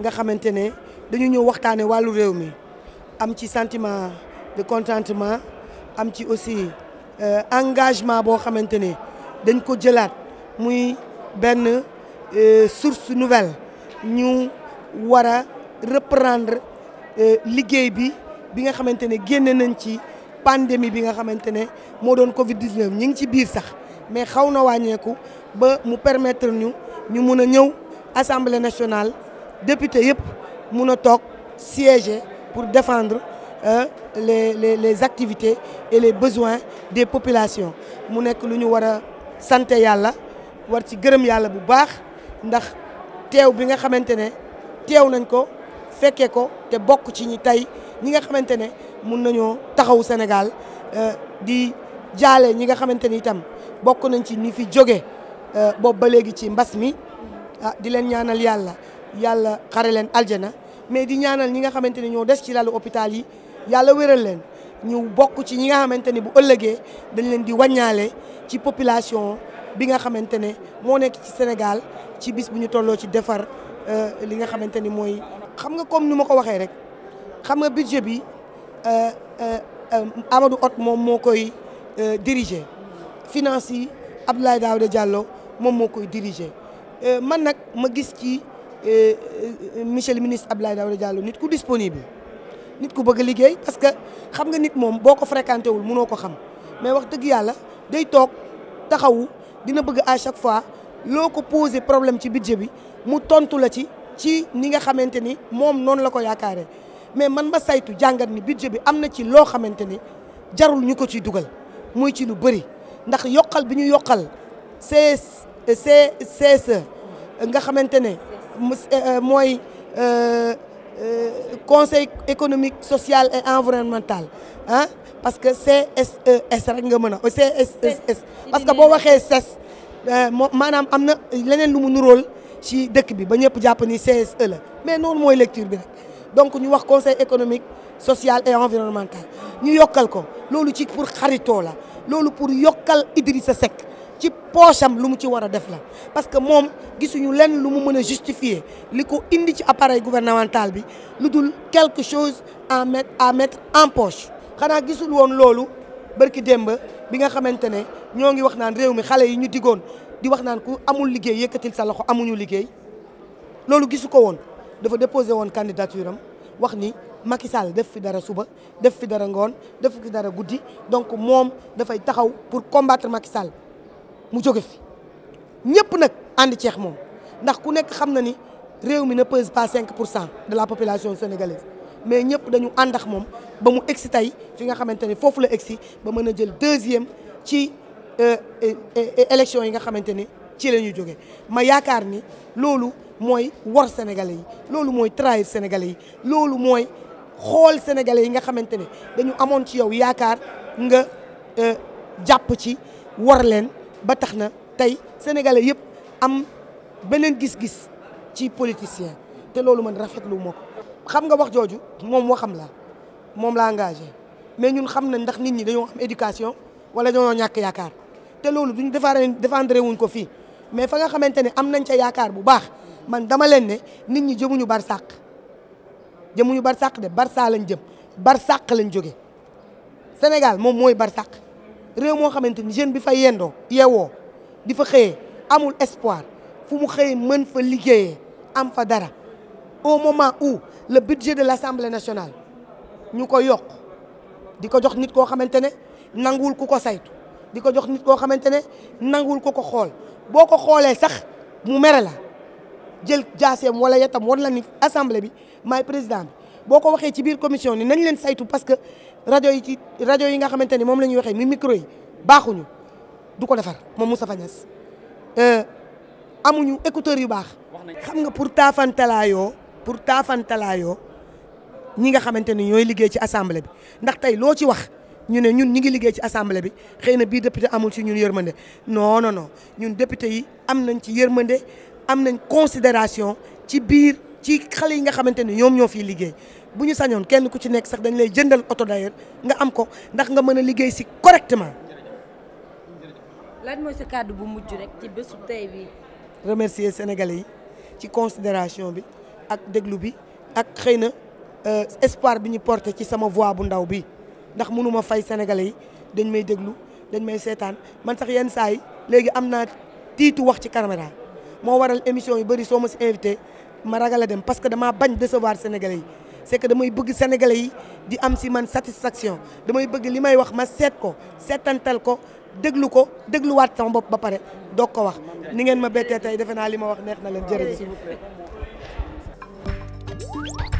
nga xamante ne dañu ñëw waxtaanee wàllu réew mi am ci sentiment de contentement am ci aussi euh, engagement boo xamante ne dañ ko jëlaat muy benn euh, source nouvelle ñu war a reprendre euh, liggéey bi bi nga xamante ne génne nañ ci pandémie bi nga xamante ne moo doon Covid 19 ñi ngi ci biir sax mais xaw na wàññeeku ba mu permettre ñu ñu mun a ñëw assemblée nationale. député yëpp mun a toog siéger pour défendre euh, les les les activités et les besoins des populations mu nekk lu ñu war a sant yàlla war ci gërëm yàlla bu baax ndax teew bi nga xamante ne teew nañ ko fekkee ko te bokk ci ñi tey ñi nga xamante ne mun nañoo taxawu Sénégal euh, di jaale ñi nga xamante ni itam bokk nañ ci ni fi jóge euh, boobu ba léegi ci mbas mi ah di leen ñaanal yàlla. yàlla xare leen aljana mais di ñaanal ñi nga xamante ne ñoo des ci lalu hôpital yi yàlla wéral leen ñu bokk ci ñi nga xamante ne bu ëllëgee dañ leen di wàññaale ci population bi nga xamante ne moo nekk ci Sénégal ci bis bu ñu tolloo ci defar euh, li nga xamante ni mooy. xam nga comme ni ma ko waxee rek xam nga budget bi euh, euh, Amadou Hott moom moo koy diriger finance yi Abdoulaye Daouda Diallo moom moo koy dirigé man nag ma gis ci. Euh, euh, monsieur ministre ministre Abdoulaye Daouda Diallo nit ku disponible nit ku bëgg liggéey parce que xam nga nit moom boo ko fréquenté wul mënoo ko xam mais wax dëgg yàlla day toog taxawu dina bëgg à chaque fois loo ko posé problème ci budget bi mu tontu la ci ci ni nga xamante ni moom noonu la ko yaakaaree mais man ma saytu jàngat ni budget bi am na ci loo xamante ni jarul ñu ko ciy dugal muy ci lu bëri ndax yokkal bi ñu yokkal CSE nga xamante ne. Euh, euh, mooy euh, conseil économique social et environnemental ah parce que CSES e rek nga mën a CSES e e parce que boo waxee CES moo maanaam am na leneen lu mu nuróol ci dëkk bi ba ñëpp jàpp ni CSE la mais noonu mooy lecture bi rek donc ñu wax conseil économique social et environnemental ñu yokkal ko loolu ci pour xaritoo la loolu pour yokkal udiri sa Seck ci poosam lu mu ci war a def la parce que moom gisuñu lenn lu mu mën a justifier li ko indi ci appareil gouvernemental bi lu dul quelque chose en mettre en mettre en poche xanaa gisul woon loolu bërki démb bi nga xamante ne ñoo ngi wax naan réew mi xale yi ñu digoon di wax naan ku amul liggéey yëkkatil sa loxo amuñu liggéey loolu gisu ko woon dafa déposé woon candidature am wax ni Macky Sall def fi dara suba def fi dara ngoon def fi dara guddi donc moom dafay taxaw pour combattre Macky Sall mu jóge fi ñëpp nag ànd ceex moom ndax ku nekk xam na ni réew mi ne pèse pas 5 pour cent de la population sénégalaise mais ñëpp dañu ànd ak moom ba mu si tey fi nga xamante ni foofu la si ba mën a jël deuxième ci euh, élection yi nga xamante ni ci la ñuy jóge ma yaakaar ni loolu mooy war sénégalais yi loolu mooy trahir sénégalais yi loolu mooy xool sénégalais yi nga xamante ne dañu amoon ci yow yaakaar nga euh, jàpp ci war leen ba tax na tey sénégalais yëpp am beneen gis-gis ci politicien te loolu man rafetlu moo ko xam nga wax jooju moom waxam la moom la engagé mais ñun xam na ndax nit ñi dañoo am éducation wala dañoo ñàkk yaakaar te loolu duñ defaaree défendre wuñ ko fii mais fa nga xamante ne am nañ ca yaakaar bu baax man dama leen ne nit ñi jëmuñu bar sàq jëmuñu barsàq de barça lañ jëm barsàq lañ jóge Sénégal moom mooy barsàq réew moo xamante ni jeune bi fa yendoo yeewoo di fa xëyee amul espoir fu mu xëyee mën fa liggéeyee am fa dara au moment où le budget de l'Assemblée nationale ñu ko yokk di ko jox nit koo xamante ne nanguwul ku ko saytu di ko jox nit koo xamante ne nanguwul ku ko xool boo ko xoolee sax mu mere la jël jaaseem wala yetam war la ni assemblée bi maay président bi boo ko waxee ci biir commission ni nañ leen saytu parce que rajo yi ci rajo yi nga xamante ni moom la ñuy waxee mi micro yi baaxuñu du ko defar moom Moustapha Niasse euh, amuñu écouteurs yu baax. xam nga pour taafantalaayoo pour taafantalaayoo ñi nga xamante ni ñooy liggéey ci assemblée bi ndaxtey loo ci wax. ñu ne ñun ñi ngi liggéey ci assemblée bi xëy na bii député amul ci ñun yërmande non non noo ñun député yi am nañ ci yërmande am nañ considération ci biir ci xale yi nga xamante ne ñoom ñoo fiy liggéey bu ñu sañoon kenn ku ci nekk sax dañ lay jëndal oto d'ailleurs nga am ko ndax nga mën a liggéey si correctement. lan mooy sa kàddu bu mujj rek ci bésu tey bi remercier sénégalais yi ci considération bi ak déglu bi ak xëy na euh, espoir bi ñu porté ci sama voix bu ndaw bi ndax mënuma fay sénégalais yi dañ may déglu dañ may seetaan man sax yenn saa yi léegi am naa tiitu wax ci caméra moo waral émission yu bëri soo ma si invité. ma ragal a dem parce que damaa bañ décevoir sénégalais yi c'est que damay bëgg sénégalais yi di am si man satisfaction damay bëgg li may wax ma seet ko seetantal ko déglu ko dégluwaat sama bopp ba pare doog ko wax ni ngeen ma bettee tey defe naa li ma wax neex na leen jërëjëf s'il vous